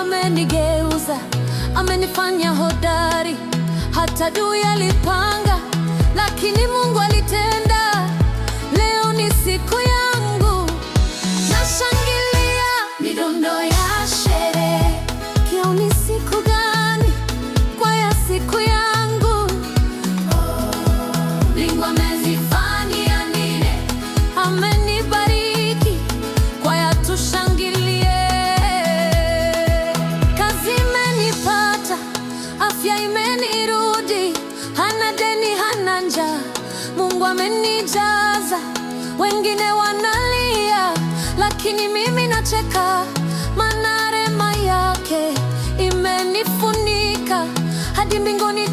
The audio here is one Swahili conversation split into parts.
amenigeuza, amenifanya hodari. Hata adui alipanga, lakini Mungu alitenda. Leo ni siku yangu, nashangilia midundo ya sherehe. Leo siku wamenijaza, wengine wanalia, lakini mimi nacheka, maana rehema yake imenifunika hadi mbinguni.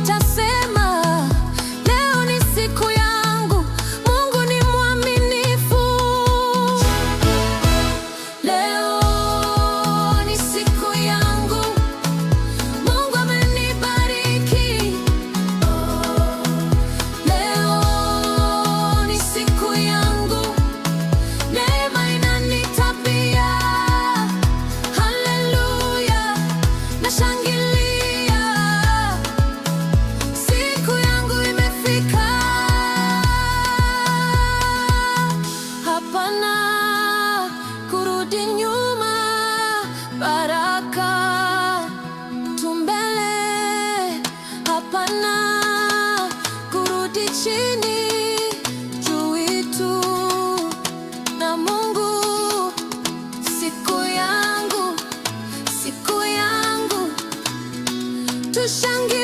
我想。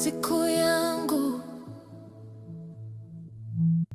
c'est cool.